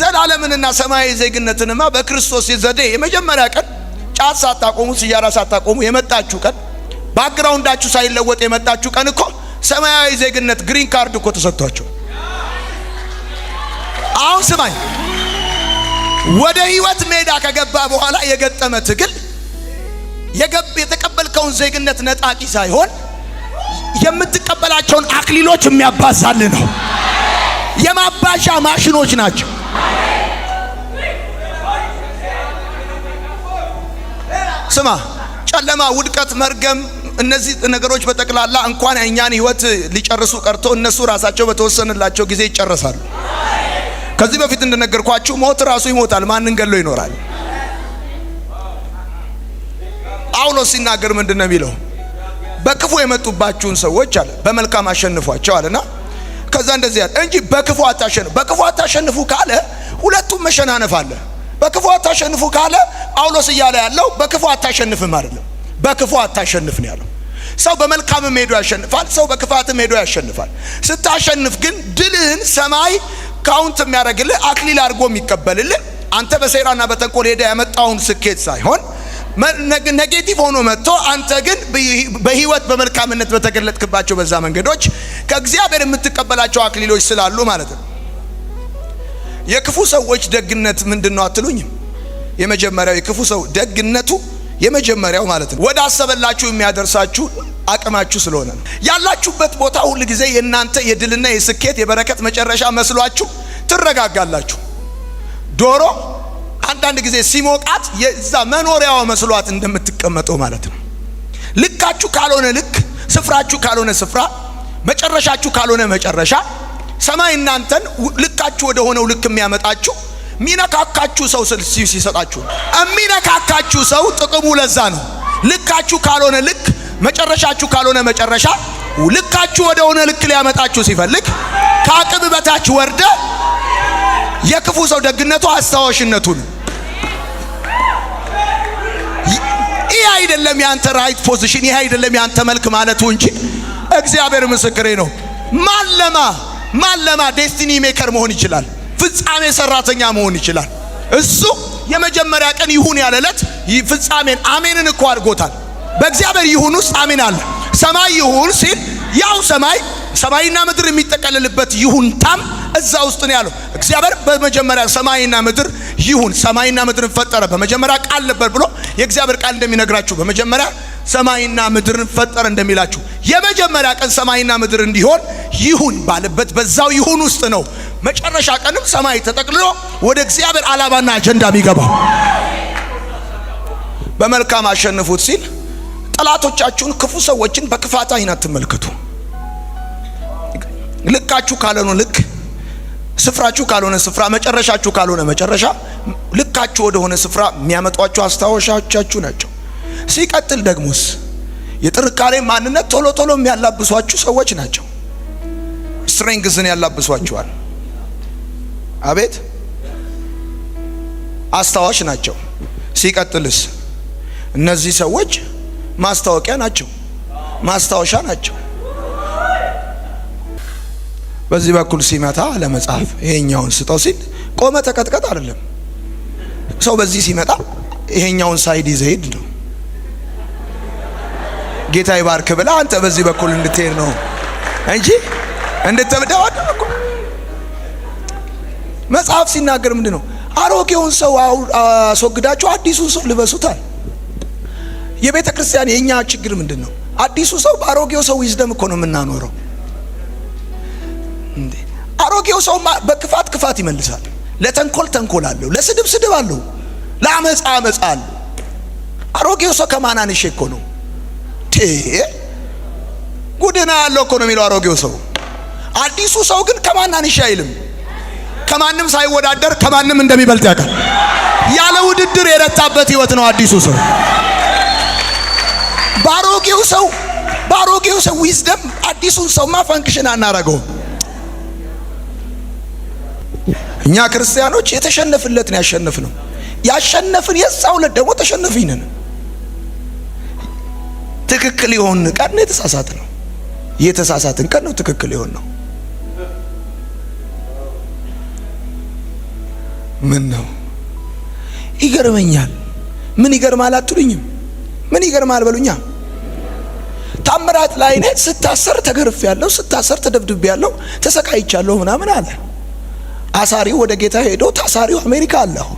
ዘላለምንና ሰማያዊ ዜግነትንማ በክርስቶስ ዘዴ የመጀመሪያ ቀን ጫት ሳታቆሙ ሲያራ ሳታቆሙ የመጣችሁ ቀን ባክግራውንዳችሁ ሳይለወጥ የመጣችሁ ቀን እኮ ሰማያዊ ዜግነት ግሪን ካርድ እኮ ተሰጥቷቸው። አሁን ስማኝ፣ ወደ ህይወት ሜዳ ከገባ በኋላ የገጠመ ትግል የተቀበልከውን ዜግነት ነጣቂ ሳይሆን የምትቀበላቸውን አክሊሎች የሚያባዛል ነው። የማባዣ ማሽኖች ናቸው። ስማ ጨለማ፣ ውድቀት፣ መርገም እነዚህ ነገሮች በጠቅላላ እንኳን እኛን ህይወት ሊጨርሱ ቀርቶ እነሱ ራሳቸው በተወሰነላቸው ጊዜ ይጨረሳሉ። ከዚህ በፊት እንደነገርኳችሁ ሞት ራሱ ይሞታል፣ ማንን ገሎ ይኖራል? ጳውሎስ ሲናገር ምንድን ነው የሚለው? በክፉ የመጡባችሁን ሰዎች አለ በመልካም አሸንፏቸው አለና ከዛ እንደዚህ ያለ እንጂ በክፉ አታሸንፉ። በክፉ አታሸንፉ ካለ ሁለቱም መሸናነፍ አለ። በክፉ አታሸንፉ ካለ ጳውሎስ እያለ ያለው በክፉ አታሸንፍም አይደለም፣ በክፉ አታሸንፍ ነው ያለው። ሰው በመልካምም ሄዶ ያሸንፋል፣ ሰው በክፋትም ሄዶ ያሸንፋል። ስታሸንፍ ግን ድልህን ሰማይ ካውንት የሚያደርግልህ አክሊል አድርጎ የሚቀበልልህ አንተ በሴራና በተንኮል ሄደ ያመጣውን ስኬት ሳይሆን ኔጌቲቭ ሆኖ መጥቶ አንተ ግን በህይወት በመልካምነት በተገለጥክባቸው በዛ መንገዶች ከእግዚአብሔር የምትቀበላቸው አክሊሎች ስላሉ ማለት ነው። የክፉ ሰዎች ደግነት ምንድን ነው አትሉኝም? የመጀመሪያው የክፉ ሰው ደግነቱ የመጀመሪያው ማለት ነው ወደ አሰበላችሁ የሚያደርሳችሁ አቅማችሁ ስለሆነ ነው። ያላችሁበት ቦታ ሁል ጊዜ የእናንተ የድልና የስኬት የበረከት መጨረሻ መስሏችሁ ትረጋጋላችሁ። ዶሮ አንዳንድ ጊዜ ሲሞቃት የዛ መኖሪያዋ መስሏት እንደምትቀመጠው ማለት ነው። ልካችሁ ካልሆነ ልክ፣ ስፍራችሁ ካልሆነ ስፍራ፣ መጨረሻችሁ ካልሆነ መጨረሻ ሰማይ እናንተን ልካችሁ ወደ ሆነው ልክ የሚያመጣችሁ ሚነካካችሁ ሰው ሲሰጣችሁ የሚነካካችሁ ሰው ጥቅሙ ለዛ ነው። ልካችሁ ካልሆነ ልክ መጨረሻችሁ ካልሆነ መጨረሻ ልካችሁ ወደ ሆነ ልክ ሊያመጣችሁ ሲፈልግ ከአቅም በታች ወርደ የክፉ ሰው ደግነቱ አስታዋሽነቱ ነው። ይህ አይደለም ያንተ ራይት ፖዚሽን፣ ይህ አይደለም ያንተ መልክ ማለቱ እንጂ እግዚአብሔር ምስክሬ ነው ማለማ ማለማ ዴስቲኒ ሜከር መሆን ይችላል። ፍጻሜ ሰራተኛ መሆን ይችላል። እሱ የመጀመሪያ ቀን ይሁን ያለ ዕለት ፍጻሜን አሜንን እኮ አድርጎታል። በእግዚአብሔር ይሁን ውስጥ አሜን አለ። ሰማይ ይሁን ሲል ያው ሰማይ ሰማይና ምድር የሚጠቀልልበት ይሁንታም እዛ ውስጥ ነው ያለው። እግዚአብሔር በመጀመሪያ ሰማይና ምድር ይሁን፣ ሰማይና ምድርን ፈጠረ፣ በመጀመሪያ ቃል ነበር ብሎ የእግዚአብሔር ቃል እንደሚነግራችሁ በመጀመሪያ ሰማይና ምድርን ፈጠረ እንደሚላችሁ የመጀመሪያ ቀን ሰማይና ምድር እንዲሆን ይሁን ባለበት በዛው ይሁን ውስጥ ነው መጨረሻ ቀንም ሰማይ ተጠቅልሎ ወደ እግዚአብሔር ዓላማና አጀንዳ የሚገባው። በመልካም አሸንፉት ሲል ጠላቶቻችሁን፣ ክፉ ሰዎችን በክፋት አይን አትመልከቱ። ልካችሁ ካልሆነ ልክ፣ ስፍራችሁ ካልሆነ ስፍራ፣ መጨረሻችሁ ካልሆነ መጨረሻ፣ ልካችሁ ወደሆነ ስፍራ የሚያመጧችሁ አስታወሻዎቻችሁ ናቸው። ሲቀጥል ደግሞስ የጥንካሬ ማንነት ቶሎ ቶሎ የሚያላብሷችሁ ሰዎች ናቸው። ስትሬንግዝን ያላብሷችኋል። አቤት አስታዋሽ ናቸው። ሲቀጥልስ እነዚህ ሰዎች ማስታወቂያ ናቸው፣ ማስታወሻ ናቸው። በዚህ በኩል ሲመታ ለመጽሐፍ ይሄኛውን ስጠው ሲል ቆመ ተቀጥቀጥ አይደለም ሰው በዚህ ሲመጣ ይሄኛውን ሳይድ ይዘሄድ ነው ጌታ ይባርክ ብላ አንተ በዚህ በኩል እንድትሄድ ነው እንጂ እንድትብደው መጽሐፍ ሲናገር ምንድን ነው? አሮጌውን ሰው አስወግዳችሁ አዲሱን ሰው ልበሱታል። የቤተ ክርስቲያን የእኛ ችግር ምንድን ነው? አዲሱ ሰው በአሮጌው ሰው ይዝደም እኮ ነው የምናኖረው። አሮጌው ሰው በክፋት ክፋት ይመልሳል። ለተንኮል ተንኮል አለው፣ ለስድብ ስድብ አለው፣ ለአመፃ አመፃ አለው። አሮጌው ሰው ከማናንሼ እኮ ነው ጉድና ያለው እኮ ነው የሚለው አሮጌው ሰው። አዲሱ ሰው ግን ከማን አንሻ አይልም። ከማንም ሳይወዳደር ከማንም እንደሚበልጥ ያውቃል። ያለ ውድድር የረታበት ህይወት ነው አዲሱ ሰው። ባሮጌው ሰው ባሮጌው ሰው ዊዝደም አዲሱን ሰውማ ፈንክሽን አናረገውም። እኛ ክርስቲያኖች የተሸነፍለት ነው ያሸነፍነው። ያሸነፍን የዛው ዕለት ደግሞ ተሸነፊ ነን። ትክክል የሆን ቀን ነው የተሳሳት ነው የተሳሳትን ቀን ነው ትክክል የሆን ነው ምን ነው ይገርመኛል ምን ይገርማል አትሉኝም ምን ይገርማል በሉኛ ታምራት ላይ ነህ ስታሰር ተገርፍ ያለው ስታሰር ተደብድብ ያለው ተሰቃይቻለሁ ምናምን አለ አሳሪው ወደ ጌታ ሄዶ ታሳሪው አሜሪካ አለሁ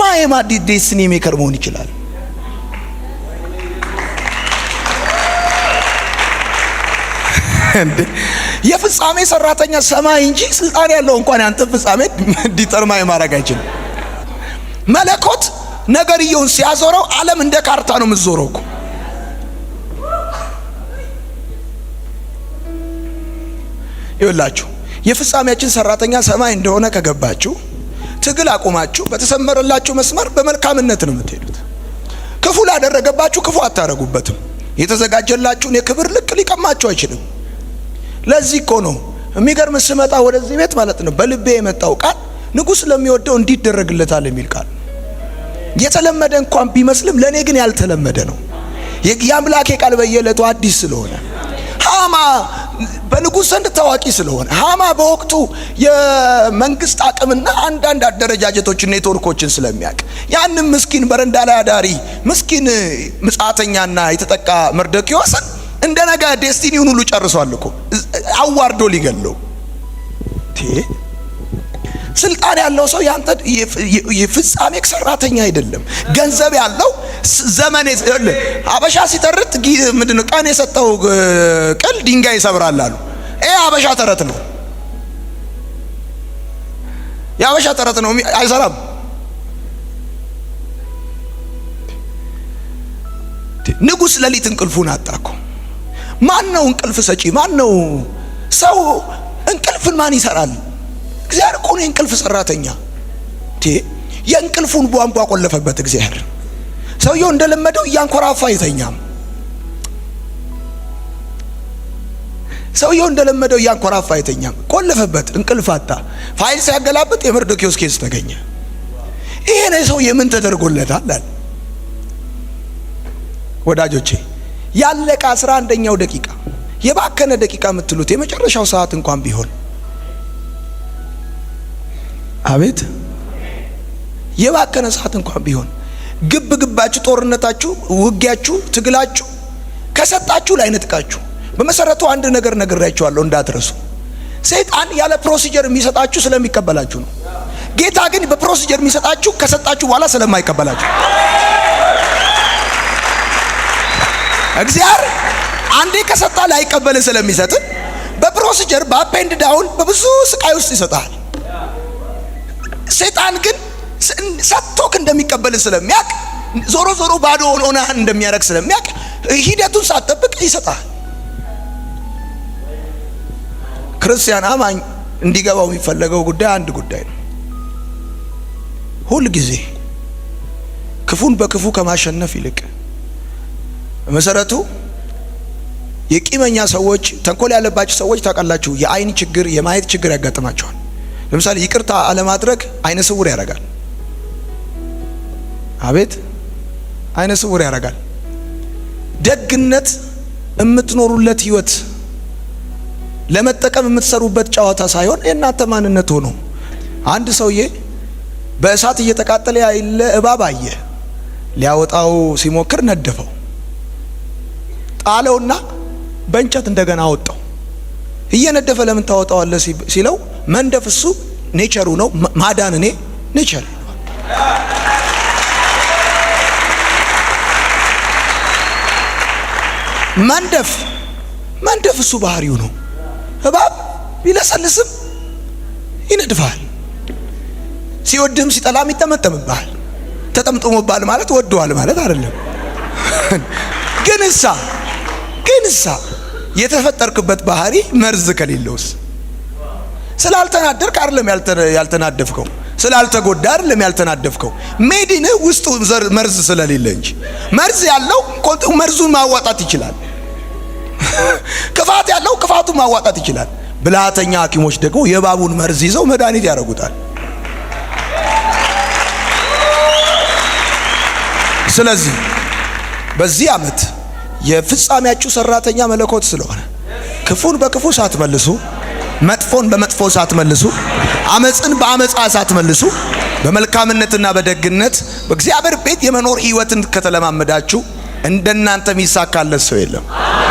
ማየማ ዲዴስኒ ሜከር መሆን ይችላል የፍጻሜ ሰራተኛ ሰማይ እንጂ ስልጣን ያለው እንኳን ያንተ ፍጻሜ ዲተርማይ ማድረግ አይችልም። መለኮት ነገርየውን ሲያዞረው ዓለም እንደ ካርታ ነው የምትዞረው እኮ ይውላችሁ። የፍጻሜያችን ሰራተኛ ሰማይ እንደሆነ ከገባችሁ ትግል አቁማችሁ በተሰመረላችሁ መስመር በመልካምነት ነው የምትሄዱት። ክፉ ላደረገባችሁ ክፉ አታረጉበትም። የተዘጋጀላችሁን የክብር ልክ ሊቀማችሁ አይችልም። ለዚህ እኮ ነው የሚገርም ስመጣ ወደዚህ ቤት ማለት ነው በልቤ የመጣው ቃል ንጉስ ለሚወደው እንዲደረግለታል የሚል ቃል የተለመደ እንኳን ቢመስልም ለእኔ ግን ያልተለመደ ነው። የአምላኬ ቃል በየዕለቱ አዲስ ስለሆነ ሃማ በንጉሥ ዘንድ ታዋቂ ስለሆነ ሃማ በወቅቱ የመንግስት አቅምና አንዳንድ አደረጃጀቶችን ኔትወርኮችን ስለሚያውቅ ያንም ምስኪን በረንዳ ላይ አዳሪ ምስኪን ምጻተኛና የተጠቃ መርደኪዎስን እንደ ነገ ዴስቲኒውን ሁሉ ጨርሷል እኮ አዋርዶ ሊገለው ስልጣን ያለው ሰው ያንተ የፍጻሜ ሰራተኛ አይደለም። ገንዘብ ያለው ዘመን አበሻ ሲተርት ምንድነው ቀን የሰጠው ቅል ድንጋይ ይሰብራል አሉ። ይሄ አበሻ ተረት ነው። የአበሻ ተረት ነው፣ አይሰራም። ንጉሥ ሌሊት እንቅልፉን አጣ እኮ። ማን ነው እንቅልፍ ሰጪ? ማን ነው ሰው እንቅልፍን ማን ይሰራል? እግዚአብሔር እኮ ነው የእንቅልፍ ሰራተኛ። የእንቅልፉን ቧንቧ ቆለፈበት እግዚአብሔር። ሰውየው እንደለመደው እያንኮራፋ አይተኛም። ሰውየው እንደለመደው እያንኮራፋ አይተኛም። ቆለፈበት፣ እንቅልፍ አጣ። ፋይል ሲያገላብጥ የመርዶኪዎስ ኬስ ተገኘ። ይሄ ነው ሰው ምን ተደርጎለታል? ወዳጆቼ ያለቀ አስራ አንደኛው ደቂቃ የባከነ ደቂቃ የምትሉት የመጨረሻው ሰዓት እንኳን ቢሆን አቤት የባከነ ሰዓት እንኳን ቢሆን ግብ ግባችሁ፣ ጦርነታችሁ፣ ውጊያችሁ፣ ትግላችሁ ከሰጣችሁ ላይ ነጥቃችሁ። በመሰረቱ አንድ ነገር ነግሬያችኋለሁ እንዳትረሱ። ሰይጣን ያለ ፕሮሲጀር የሚሰጣችሁ ስለሚቀበላችሁ ነው። ጌታ ግን በፕሮሲጀር የሚሰጣችሁ ከሰጣችሁ በኋላ ስለማይቀበላችሁ እግዚአብሔር አንዴ ከሰጣ ላይቀበልህ ስለሚሰጥ በፕሮሲጀር በአፔንድ ዳውን በብዙ ስቃይ ውስጥ ይሰጣል። ሰይጣን ግን ሰጥቶክ እንደሚቀበልህ ስለሚያውቅ ዞሮ ዞሮ ባዶ ሆነ እንደሚያደርግ ስለሚያውቅ ሂደቱን ሳትጠብቅ ይሰጣል። ክርስቲያን አማኝ እንዲገባው የሚፈለገው ጉዳይ አንድ ጉዳይ ነው። ሁል ጊዜ ክፉን በክፉ ከማሸነፍ ይልቅ መሰረቱ የቂመኛ ሰዎች፣ ተንኮል ያለባቸው ሰዎች ታውቃላችሁ፣ የአይን ችግር፣ የማየት ችግር ያጋጥማቸዋል። ለምሳሌ ይቅርታ አለማድረግ አይነ ስውር ያደርጋል። አቤት አይነ ስውር ያደርጋል። ደግነት የምትኖሩለት ህይወት ለመጠቀም የምትሰሩበት ጨዋታ ሳይሆን የእናንተ ማንነት ሆኖ አንድ ሰውዬ በእሳት እየተቃጠለ ያለ እባብ አየ። ሊያወጣው ሲሞክር ነደፈው፣ ጣለውና በእንጨት እንደገና አወጣው። እየነደፈ ለምን ታወጣዋለህ ሲለው መንደፍ እሱ ኔቸሩ ነው፣ ማዳን እኔ ኔቸር መንደፍ መንደፍ እሱ ባህሪው ነው። እባብ ቢለሰልስም ይነድፋል። ሲወድህም ሲጠላም ይጠመጠምብሃል። ተጠምጥሞብሃል ማለት ወደዋል ማለት አይደለም። ግን እሳ ግን እሳ የተፈጠርክበት ባህሪ መርዝ ከሌለውስ ስላልተናደርክ አይደለም ያልተናደፍከው፣ ስላልተጎዳ አይደለም ያልተናደፍከው። ሜዲን ውስጡ መርዝ ስለሌለ እንጂ መርዝ ያለው መርዙን ማዋጣት ይችላል። ክፋት ያለው ክፋቱ ማዋጣት ይችላል። ብልሃተኛ ሐኪሞች ደግሞ የባቡን መርዝ ይዘው መድኃኒት ያደርጉታል። ስለዚህ በዚህ ዓመት የፍጻሜያችሁ ሰራተኛ መለኮት ስለሆነ ክፉን በክፉ ሳትመልሱ፣ መጥፎን በመጥፎ ሳትመልሱ፣ አመፅን በአመፃ ሳትመልሱ በመልካምነትና በደግነት በእግዚአብሔር ቤት የመኖር ህይወትን ከተለማመዳችሁ እንደናንተ የሚሳካለት ሰው የለም።